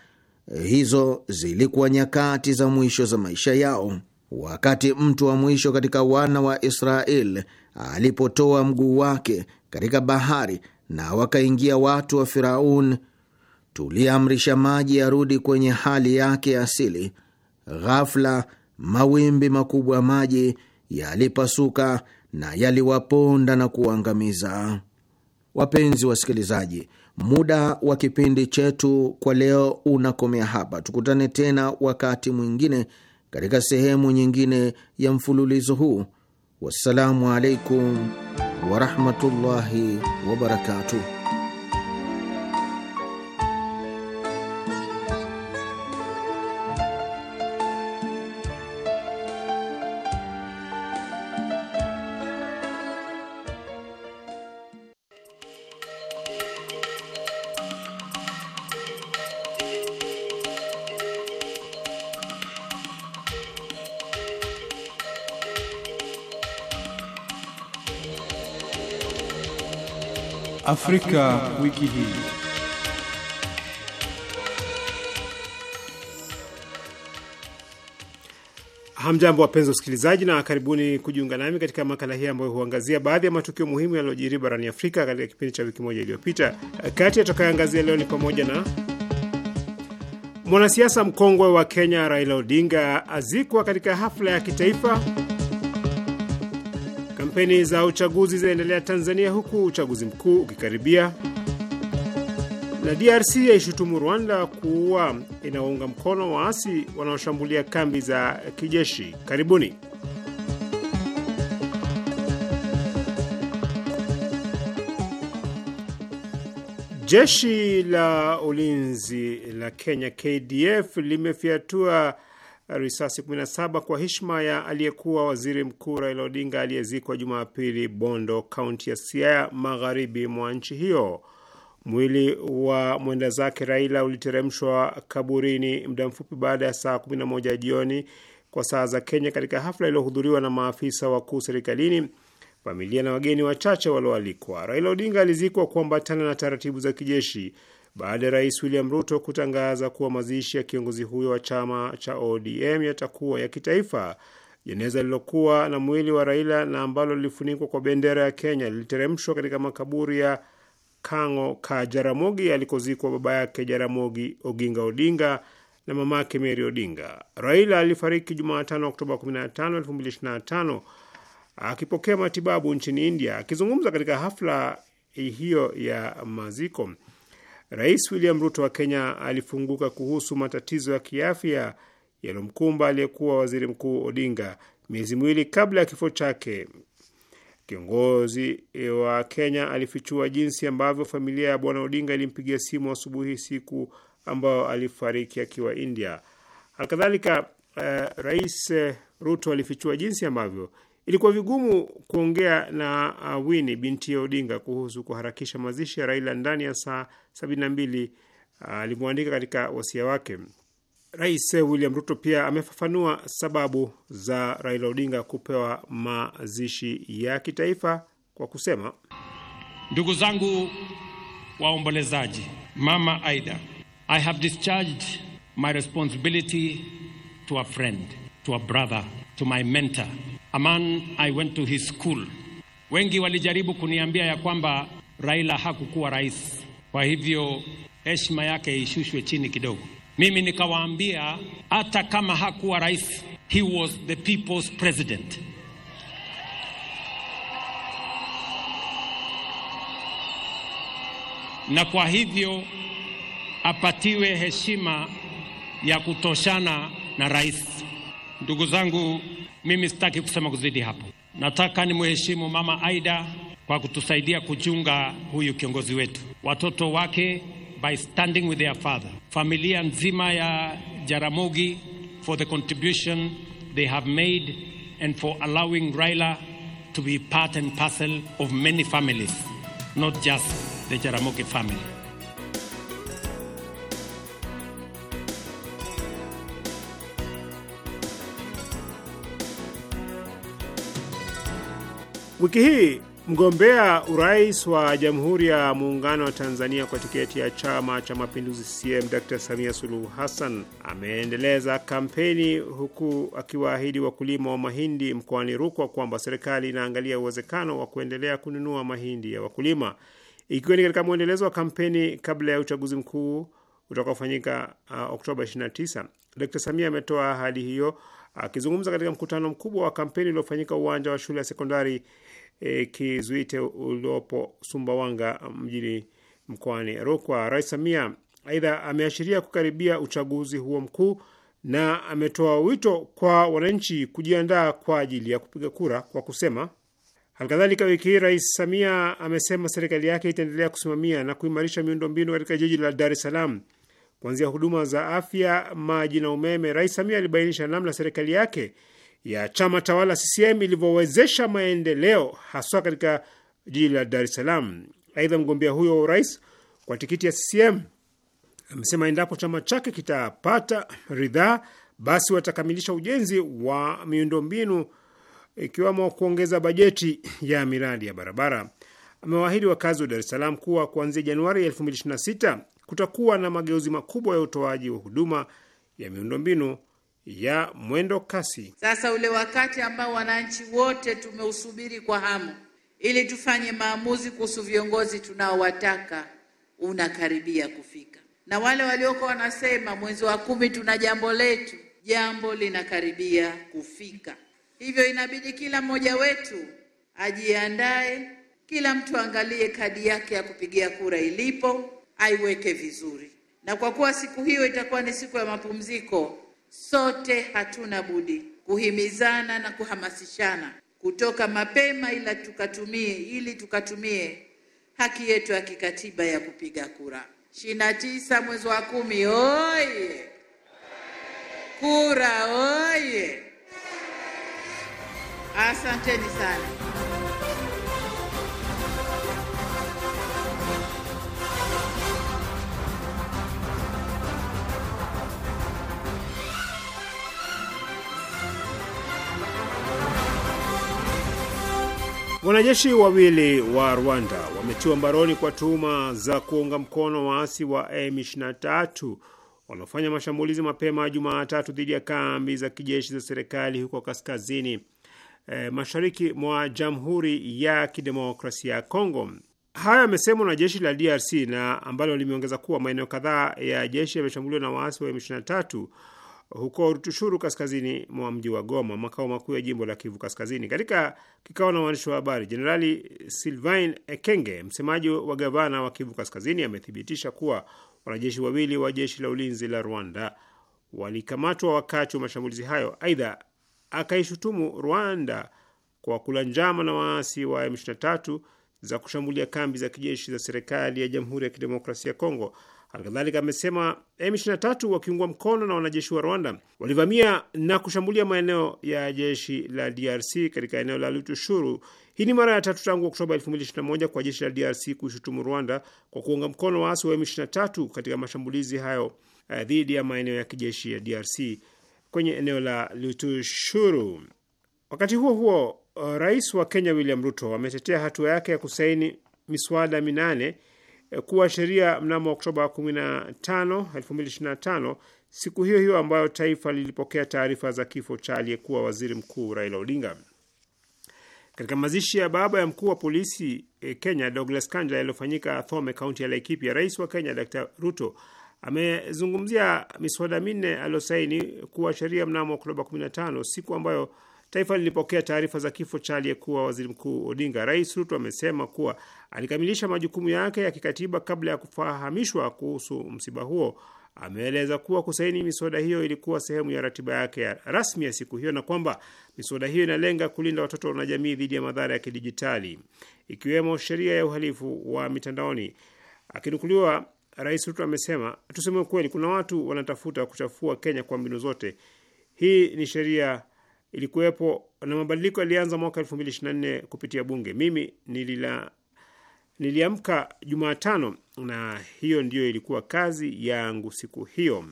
hizo zilikuwa nyakati za mwisho za maisha yao wakati mtu wa mwisho katika wana wa israel alipotoa mguu wake katika bahari na wakaingia watu wa Firaun, tuliamrisha maji yarudi kwenye hali yake ya asili. Ghafla mawimbi makubwa ya maji yalipasuka na yaliwaponda na kuangamiza. Wapenzi wasikilizaji, muda wa kipindi chetu kwa leo unakomea hapa. Tukutane tena wakati mwingine katika sehemu nyingine ya mfululizo huu. Wassalamu alaikum warahmatullahi wabarakatuh. Afrika wiki hii. Hamjambo wapenzi wasikilizaji, na karibuni kujiunga nami katika makala hii ambayo huangazia baadhi ya matukio muhimu yaliyojiri barani Afrika katika kipindi cha wiki moja iliyopita. Kati yatakayoangazia leo ni pamoja na mwanasiasa mkongwe wa Kenya Raila Odinga azikwa katika hafla ya kitaifa Kampeni za uchaguzi zinaendelea Tanzania huku uchaguzi mkuu ukikaribia, na DRC yaishutumu Rwanda kuwa inaunga mkono waasi wanaoshambulia kambi za kijeshi. Karibuni. Jeshi la ulinzi la Kenya KDF limefiatua risasi 17 kwa heshima ya aliyekuwa waziri mkuu Raila Odinga aliyezikwa Jumapili Bondo, kaunti ya Siaya, magharibi mwa nchi hiyo. Mwili wa mwenda zake Raila uliteremshwa kaburini muda mfupi baada ya saa 11 jioni kwa saa za Kenya, katika hafla iliyohudhuriwa na maafisa wakuu serikalini, familia na wageni wachache walioalikwa. Raila Odinga alizikwa kuambatana na taratibu za kijeshi baada ya rais William Ruto kutangaza kuwa mazishi ya kiongozi huyo wa chama cha ODM yatakuwa ya kitaifa. Jeneza lililokuwa na mwili wa Raila na ambalo lilifunikwa kwa bendera ya Kenya liliteremshwa katika makaburi ya Kang'o ka Jaramogi alikozikwa baba yake Jaramogi Oginga Odinga na mamake Mary Odinga. Raila alifariki Jumatano Oktoba 15, 2025 akipokea matibabu nchini India. Akizungumza katika hafla hiyo ya maziko, Rais William Ruto wa Kenya alifunguka kuhusu matatizo ya kiafya yaliyomkumba aliyekuwa waziri mkuu Odinga miezi miwili kabla ya kifo chake. Kiongozi wa Kenya alifichua jinsi ambavyo familia ya bwana Odinga ilimpigia simu asubuhi siku ambayo alifariki akiwa India. Alkadhalika, uh, eh, Rais Ruto alifichua jinsi ambavyo Ilikuwa vigumu kuongea na uh, Winnie binti ya Odinga kuhusu kuharakisha mazishi ya Raila ndani ya saa sabini na mbili uh, alimwandika katika wasia wake. Rais William Ruto pia amefafanua sababu za Raila Odinga kupewa mazishi ya kitaifa kwa kusema, ndugu zangu waombolezaji, mama Aida, I have discharged my responsibility to a friend, to a brother, to my mentor a man I went to his school. Wengi walijaribu kuniambia ya kwamba Raila hakukuwa rais, kwa hivyo heshima yake ishushwe chini kidogo. Mimi nikawaambia hata kama hakuwa rais, he was the people's president. Na kwa hivyo apatiwe heshima ya kutoshana na rais. Ndugu zangu mimi sitaki kusema kuzidi hapo. Nataka ni mheshimu Mama Aida kwa kutusaidia kuchunga huyu kiongozi wetu, watoto wake by standing with their father, familia nzima ya Jaramogi for the contribution they have made and for allowing Raila to be part and parcel of many families, not just the Jaramogi family. Wiki hii mgombea urais wa Jamhuri ya Muungano wa Tanzania kwa tiketi ya Chama cha Mapinduzi CCM Dr Samia Suluhu Hassan ameendeleza kampeni huku akiwaahidi wakulima wa mahindi mkoani Rukwa kwamba serikali inaangalia uwezekano wa kuendelea kununua mahindi ya wakulima ikiwa ni katika mwendelezo wa kampeni kabla ya uchaguzi mkuu utakaofanyika uh, Oktoba 29. d Samia ametoa ahadi hiyo akizungumza uh, katika mkutano mkubwa wa kampeni uliofanyika uwanja wa shule ya sekondari e, Kizuite uliopo Sumbawanga mjini mkoani Rukwa. Rais Samia aidha ameashiria kukaribia uchaguzi huo mkuu na ametoa wito kwa wananchi kujiandaa kwa ajili ya kupiga kura kwa kusema Halikadhalika, wiki hii Rais Samia amesema serikali yake itaendelea kusimamia na kuimarisha miundombinu katika jiji la Dar es Salaam, kuanzia huduma za afya, maji na umeme. Rais Samia alibainisha namna serikali yake ya chama tawala CCM ilivyowezesha maendeleo haswa katika jiji la Dar es Salaam. Aidha, mgombea huyo wa urais kwa tikiti ya CCM amesema endapo chama chake kitapata ridhaa, basi watakamilisha ujenzi wa miundombinu ikiwemo kuongeza bajeti ya miradi ya barabara. Amewaahidi wakazi wa Dar es Salaam kuwa kuanzia Januari 2026 kutakuwa na mageuzi makubwa ya utoaji wa huduma ya miundombinu ya mwendo kasi. Sasa ule wakati ambao wananchi wote tumeusubiri kwa hamu ili tufanye maamuzi kuhusu viongozi tunaowataka unakaribia kufika, na wale walioko wanasema mwezi wa kumi tuna jambo letu, jambo linakaribia kufika. Hivyo inabidi kila mmoja wetu ajiandae, kila mtu aangalie kadi yake ya kupigia kura ilipo, aiweke vizuri, na kwa kuwa siku hiyo itakuwa ni siku ya mapumziko Sote hatuna budi kuhimizana na kuhamasishana kutoka mapema, ila tukatumie ili tukatumie haki yetu ya kikatiba ya kupiga kura ishirini na tisa mwezi wa kumi. Oye kura oye! Asanteni sana. Wanajeshi wawili wa Rwanda wametiwa mbaroni kwa tuhuma za kuunga mkono waasi wa M23 wanaofanya mashambulizi mapema Jumatatu dhidi ya kambi za kijeshi za serikali huko kaskazini e, mashariki mwa Jamhuri ya Kidemokrasia ya Kongo. Haya yamesemwa na jeshi la DRC na ambalo limeongeza kuwa maeneo kadhaa ya jeshi yameshambuliwa na waasi wa M23 huko Rutushuru, kaskazini mwa mji wa Goma, makao makuu ya jimbo la Kivu Kaskazini. Katika kikao na waandishi wa habari, Jenerali Sylvain Ekenge, msemaji wa gavana wa Kivu Kaskazini, amethibitisha kuwa wanajeshi wawili wa jeshi la ulinzi la Rwanda walikamatwa wakati wa mashambulizi hayo. Aidha, akaishutumu Rwanda kwa kula njama na waasi wa M23 za kushambulia kambi za kijeshi za serikali ya Jamhuri ya Kidemokrasia ya Kongo. Halikadhalika amesema M23 wakiungwa mkono na wanajeshi wa Rwanda walivamia na kushambulia maeneo ya jeshi la DRC katika eneo la Lutushuru. Hii ni mara ya tatu tangu Oktoba 2021 kwa jeshi la DRC kushutumu Rwanda kwa kuunga mkono waasi wa M23 katika mashambulizi hayo eh, dhidi ya maeneo ya kijeshi ya DRC kwenye eneo la Lutushuru. Wakati huo huo, eh, rais wa Kenya William Ruto ametetea hatua yake ya kusaini miswada minane Eh, kuwa sheria mnamo Oktoba 15, 2025, siku hiyo hiyo ambayo taifa lilipokea taarifa za kifo cha aliyekuwa waziri mkuu Raila Odinga. Katika mazishi ya baba ya mkuu wa polisi eh, Kenya Douglas Kanja yaliyofanyika Thome, kaunti ya Laikipia, rais wa Kenya Dr Ruto amezungumzia miswada minne aliyosaini kuwa sheria mnamo Oktoba 15, siku ambayo Taifa lilipokea taarifa za kifo cha aliyekuwa waziri mkuu Odinga. Rais Ruto amesema kuwa alikamilisha majukumu yake ya kikatiba kabla ya kufahamishwa kuhusu msiba huo. Ameeleza kuwa kusaini miswada hiyo ilikuwa sehemu ya ratiba yake ya rasmi ya siku hiyo na kwamba miswada hiyo inalenga kulinda watoto na jamii dhidi ya madhara ya kidijitali ikiwemo sheria ya uhalifu wa mitandaoni. Akinukuliwa, Rais Ruto amesema, tuseme ukweli, kuna watu wanatafuta kuchafua Kenya kwa mbinu zote. Hii ni sheria ilikuwepo na mabadiliko yalianza mwaka 2024 kupitia bunge. Mimi nilila niliamka Jumatano na hiyo ndiyo ilikuwa kazi yangu siku hiyo.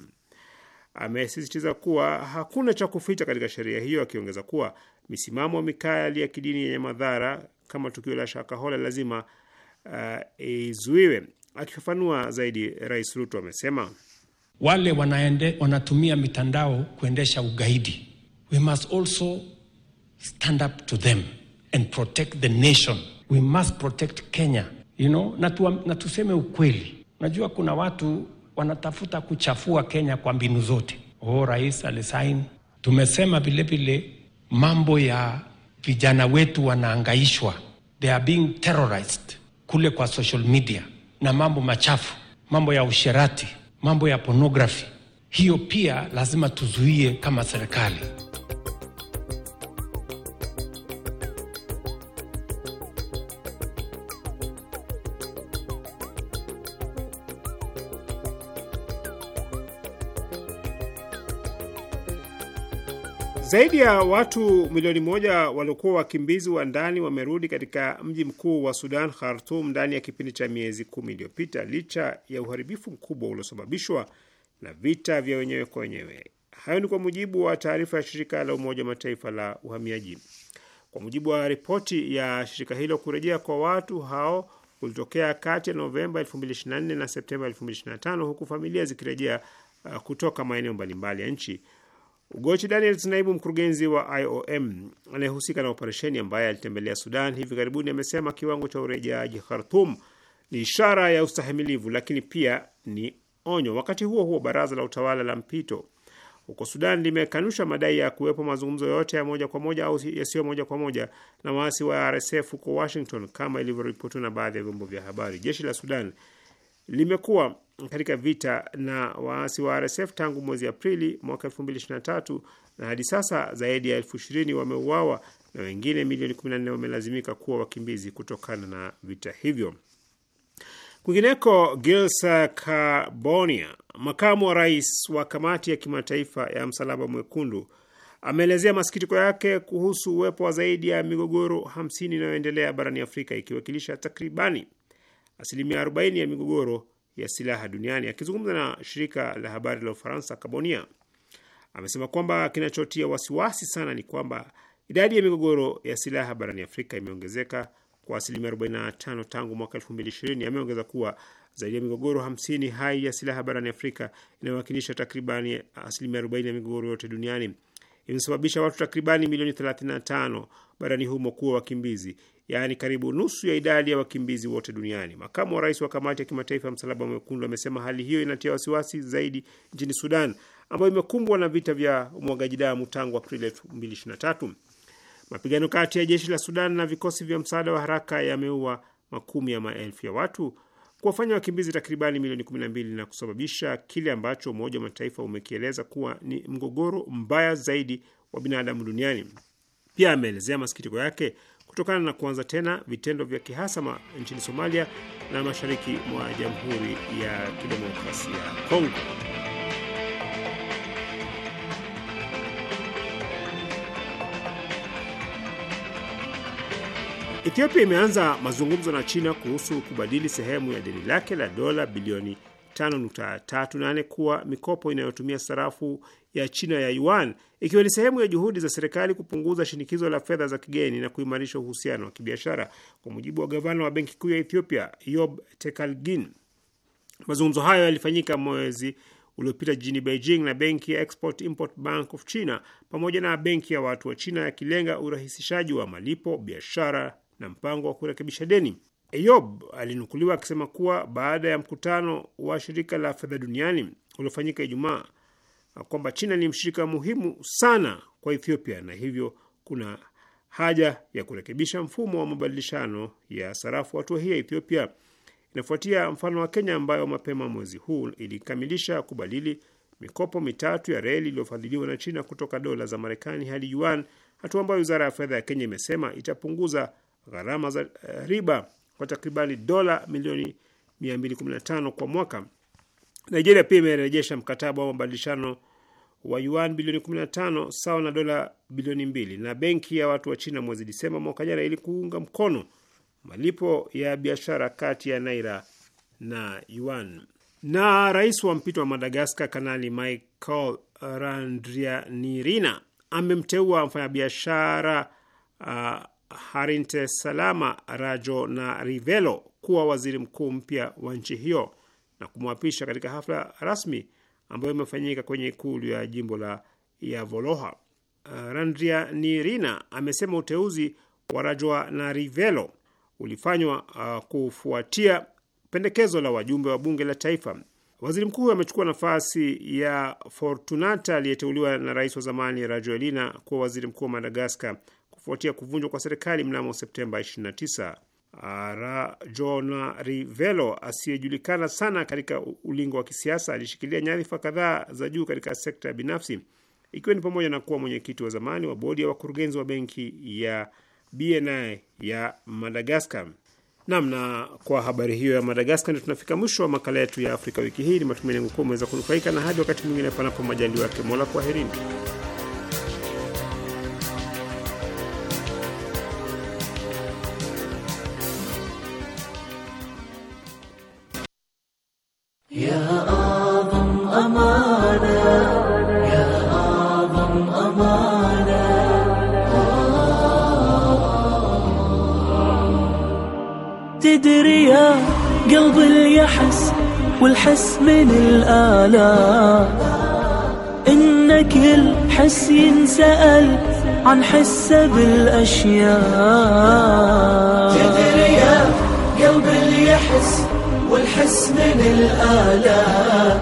Amesisitiza kuwa hakuna cha kuficha katika sheria hiyo, akiongeza kuwa misimamo mikali ya kidini yenye madhara kama tukio la Shakahola lazima uh, izuiwe. Akifafanua zaidi, Rais Ruto amesema wale wanaende, wanatumia mitandao kuendesha ugaidi we must also stand up to them and protect the nation. We must protect Kenya, you know, na, tuseme ukweli. Najua kuna watu wanatafuta kuchafua Kenya kwa mbinu zote. Oh, rais alisaini. Tumesema vilevile mambo ya vijana wetu wanaangaishwa, they are being terrorized kule kwa social media na mambo machafu, mambo ya usherati, mambo ya pornography. Hiyo pia lazima tuzuie kama serikali. Zaidi ya watu milioni moja waliokuwa wakimbizi wa ndani wamerudi katika mji mkuu wa Sudan, Khartum, ndani ya kipindi cha miezi kumi iliyopita, licha ya uharibifu mkubwa uliosababishwa na vita vya wenyewe kwa wenyewe. Hayo ni kwa mujibu wa taarifa ya shirika la Umoja wa Mataifa la uhamiaji. Kwa mujibu wa ripoti ya shirika hilo, kurejea kwa watu hao kulitokea kati ya Novemba 2024 na Septemba 2025 huku familia zikirejea uh, kutoka maeneo mbalimbali ya nchi. Ugochi Daniels, naibu mkurugenzi wa IOM anayehusika na operesheni, ambaye alitembelea Sudan hivi karibuni, amesema kiwango cha urejeaji Khartum ni ishara ya ustahimilivu, lakini pia ni onyo. Wakati huo huo, baraza la utawala la mpito huko Sudan limekanusha madai ya kuwepo mazungumzo yote ya moja kwa moja au yasiyo moja kwa moja na waasi wa RSF huko Washington, kama ilivyoripotiwa na baadhi ya vyombo vya habari. Jeshi la Sudan limekuwa katika vita na waasi wa RSF tangu mwezi Aprili mwaka 2023 na hadi sasa zaidi ya elfu ishirini wameuawa na wengine milioni 14 wamelazimika kuwa wakimbizi kutokana na vita hivyo. Kwingineko, Gilsa Carbonia, makamu wa rais wa kamati ya kimataifa ya Msalaba Mwekundu, ameelezea masikitiko yake kuhusu uwepo wa zaidi ya migogoro 50 inayoendelea barani Afrika ikiwakilisha takribani asilimia 40 ya migogoro ya silaha duniani. Akizungumza na shirika la habari la Ufaransa, Kabonia amesema kwamba kinachotia wasiwasi sana ni kwamba idadi ya migogoro ya silaha barani Afrika imeongezeka kwa asilimia 45 tangu mwaka 2020. Ameongeza kuwa zaidi ya migogoro 50 hai ya silaha barani Afrika inayowakilisha takribani asilimia 40 ya migogoro yote duniani imesababisha watu takribani milioni 35 barani humo kuwa wakimbizi, yaani karibu nusu ya idadi ya wakimbizi wote duniani. Makamu wa rais wa kamati ya kimataifa ya Msalaba Mwekundu amesema hali hiyo inatia wasiwasi zaidi nchini Sudan ambayo imekumbwa na vita vya umwagaji damu tangu Aprili 2023. Mapigano kati ya jeshi la Sudan na vikosi vya msaada wa haraka yameua makumi ya maelfu ya watu kuwafanya wakimbizi takribani milioni 12 na kusababisha kile ambacho Umoja wa Mataifa umekieleza kuwa ni mgogoro mbaya zaidi wa binadamu duniani. Pia ameelezea masikitiko yake kutokana na kuanza tena vitendo vya kihasama nchini Somalia na mashariki mwa Jamhuri ya Kidemokrasia ya Kongo. Ethiopia imeanza mazungumzo na China kuhusu kubadili sehemu ya deni lake la dola bilioni 5.38 kuwa mikopo inayotumia sarafu ya China ya yuan, ikiwa ni sehemu ya juhudi za serikali kupunguza shinikizo la fedha za kigeni na kuimarisha uhusiano wa kibiashara. Kwa mujibu wa gavana wa benki kuu ya Ethiopia, Yob Tekalgin, mazungumzo hayo yalifanyika mwezi uliopita jijini Beijing na benki ya Export Import Bank of China pamoja na benki ya watu wa China, yakilenga urahisishaji wa malipo, biashara na mpango wa kurekebisha deni. Eyob alinukuliwa akisema kuwa baada ya mkutano wa shirika la fedha duniani uliofanyika Ijumaa, kwamba China ni mshirika muhimu sana kwa Ethiopia na hivyo kuna haja ya kurekebisha mfumo wa mabadilishano ya sarafu. Hatua hii ya Ethiopia inafuatia mfano wa Kenya ambayo mapema mwezi huu ilikamilisha kubadili mikopo mitatu ya reli iliyofadhiliwa na China kutoka dola za Marekani hadi yuan, hatua ambayo wizara ya fedha ya Kenya imesema itapunguza gharama za eh, riba kwa takribani dola milioni 215 kwa mwaka. Nigeria pia imerejesha mkataba wa mabadilishano wa yuan bilioni 15 sawa na dola bilioni mbili na benki ya watu wa China mwezi Disemba mwaka jana ili kuunga mkono malipo ya biashara kati ya naira na yuan. Na rais wa mpito wa Madagaskar Kanali Michael Randrianirina amemteua mfanyabiashara uh, Harinte Salama Rajo na Rivelo kuwa waziri mkuu mpya wa nchi hiyo na kumwapisha katika hafla rasmi ambayo imefanyika kwenye ikulu ya jimbo la Yavoloha. Uh, Randria Nirina amesema uteuzi wa Rajwa na Rivelo ulifanywa uh, kufuatia pendekezo la wajumbe wa bunge la taifa. Waziri mkuu huyo amechukua nafasi ya Fortunata aliyeteuliwa na rais wa zamani Rajoelina kuwa waziri mkuu wa Madagaskar kufuatia kuvunjwa kwa serikali mnamo Septemba 29. Rajona Rivelo asiyejulikana sana katika ulingo wa kisiasa alishikilia nyadhifa kadhaa za juu katika sekta ya binafsi ikiwa ni pamoja na kuwa mwenyekiti wa zamani wa bodi ya wakurugenzi wa benki ya BNI ya Madagaskar. Naam, na kwa habari hiyo ya Madagaskar ndio tunafika mwisho wa makala yetu ya Afrika wiki hii. Ni matumaini yangu kuwa umeweza kunufaika, na hadi wakati mwingine, panapo majaliwa yake Mola, kwaherini. يا أعظم أمانة يا أعظم أمانة تدري يا قلب اليحس والحس من الآلام إن كل حس ينسأل عن حسه بالأشياء تدري يا قلب اليحس والحس من الآلاء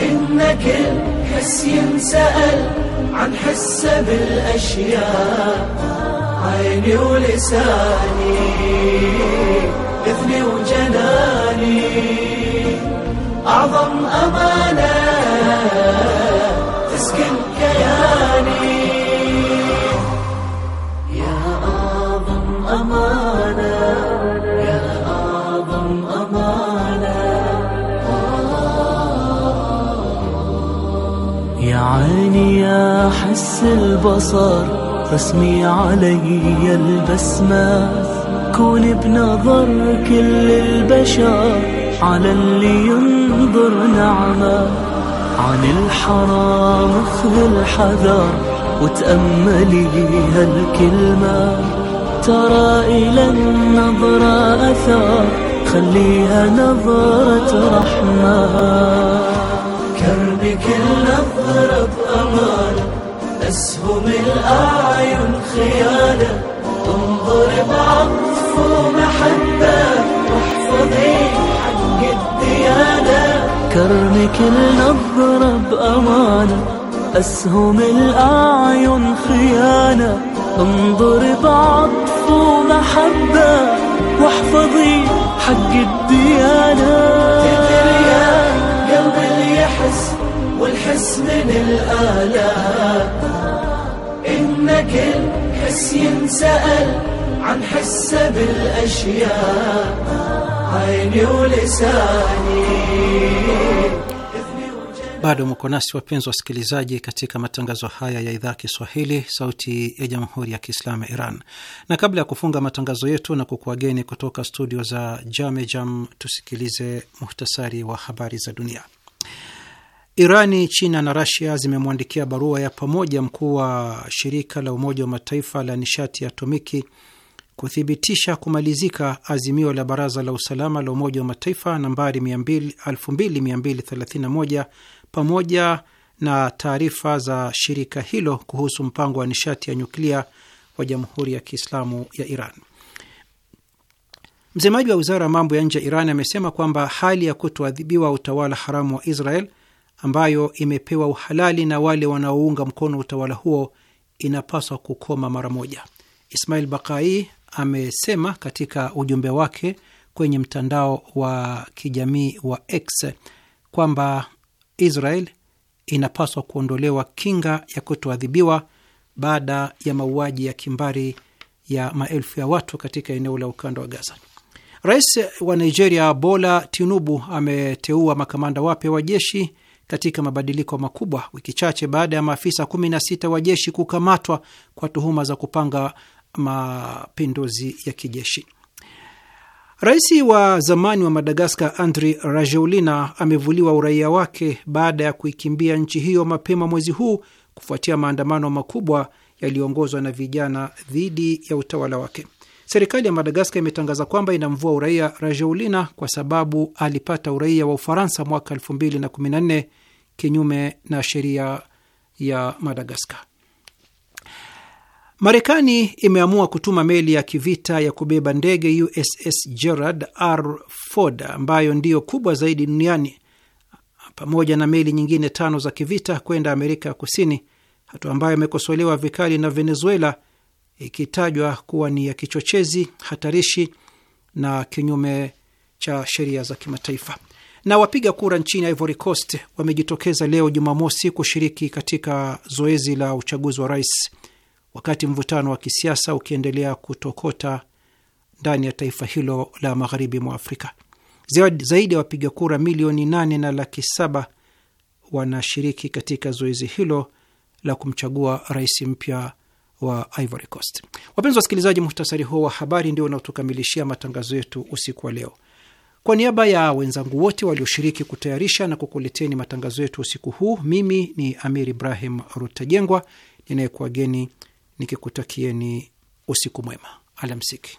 إن كل حس ينسأل عن حسه بالأشياء عيني ولساني إذني وجناني أعظم أمانة تسكن كياني عيني أحس البصر رسمي علي البسمة كون بنظر كل البشر على اللي ينظر نعمة عن الحرام خذ الحذر وتأملي هالكلمة ترى إلى النظرة أثر خليها نظرة رحمة كربك النظرة أمانة أسهم الأعين خيانة انظر بعطف ومحبة واحفظي حق الديانة كرمك النظرة بأمانة أسهم الأعين خيانة انظر بعطف ومحبة واحفظي حق الديانة تدري يا قلبي اللي يحس والحس من إن كل حس ينسأل عن حس بالأشياء عيني ولساني bado mko nasi wapenzi wasikilizaji, katika matangazo haya ya idhaa Kiswahili, sauti ya jamhuri ya kiislamu ya Iran. Na kabla ya kufunga matangazo yetu na kukuageni kutoka studio za Jamejam, tusikilize muhtasari wa habari za dunia. Irani, China na Rasia zimemwandikia barua ya pamoja mkuu wa shirika la Umoja wa Mataifa la nishati ya atomiki kuthibitisha kumalizika azimio la Baraza la Usalama la Umoja wa Mataifa nambari 2231 pamoja na taarifa za shirika hilo kuhusu mpango wa nishati ya nyuklia wa Jamhuri ya Kiislamu ya Iran. Msemaji wa wizara ya mambo ya nje ya Iran amesema kwamba hali ya kutoadhibiwa utawala haramu wa Israel ambayo imepewa uhalali na wale wanaounga mkono utawala huo inapaswa kukoma mara moja. Ismail Bakai amesema katika ujumbe wake kwenye mtandao wa kijamii wa X kwamba Israel inapaswa kuondolewa kinga ya kutoadhibiwa baada ya mauaji ya kimbari ya maelfu ya watu katika eneo la ukanda wa Gaza. Rais wa Nigeria Bola Tinubu ameteua makamanda wapya wa jeshi katika mabadiliko makubwa, wiki chache baada ya maafisa 16 wa jeshi kukamatwa kwa tuhuma za kupanga mapinduzi ya kijeshi. Rais wa zamani wa Madagaskar Andry Rajoelina amevuliwa uraia wake baada ya kuikimbia nchi hiyo mapema mwezi huu kufuatia maandamano makubwa yaliyoongozwa na vijana dhidi ya utawala wake. Serikali ya Madagaskar imetangaza kwamba inamvua uraia Rajoelina kwa sababu alipata uraia wa Ufaransa mwaka 2014 kinyume na sheria ya Madagaskar. Marekani imeamua kutuma meli ya kivita ya kubeba ndege USS Gerald R. Ford ambayo ndiyo kubwa zaidi duniani pamoja na meli nyingine tano za kivita kwenda Amerika ya Kusini, hatua ambayo imekosolewa vikali na Venezuela, ikitajwa kuwa ni ya kichochezi, hatarishi na kinyume cha sheria za kimataifa. Na wapiga kura nchini Ivory Coast wamejitokeza leo Jumamosi kushiriki katika zoezi la uchaguzi wa rais, wakati mvutano wa kisiasa ukiendelea kutokota ndani ya taifa hilo la magharibi mwa Afrika. Zaidi ya wapiga kura milioni nane na laki saba wanashiriki katika zoezi hilo la kumchagua rais mpya wa Ivory Coast. Wapenzi wasikilizaji, muhtasari huo wa habari ndio unaotukamilishia matangazo yetu usiku wa leo. Kwa niaba ya wenzangu wote walioshiriki kutayarisha na kukuleteni matangazo yetu usiku huu, mimi ni Amir Ibrahim Rutajengwa ninayekuwageni nikikutakieni usiku mwema. Alamsiki.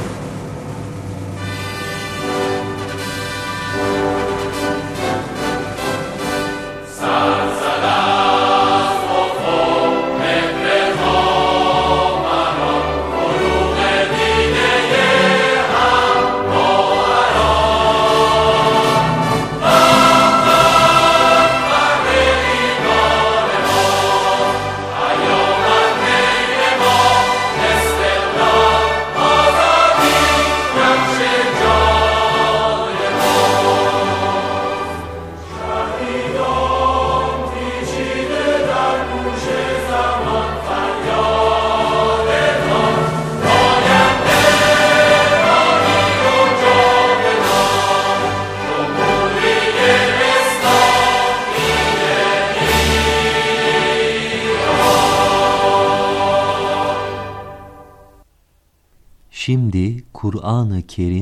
Иоанна Керенского,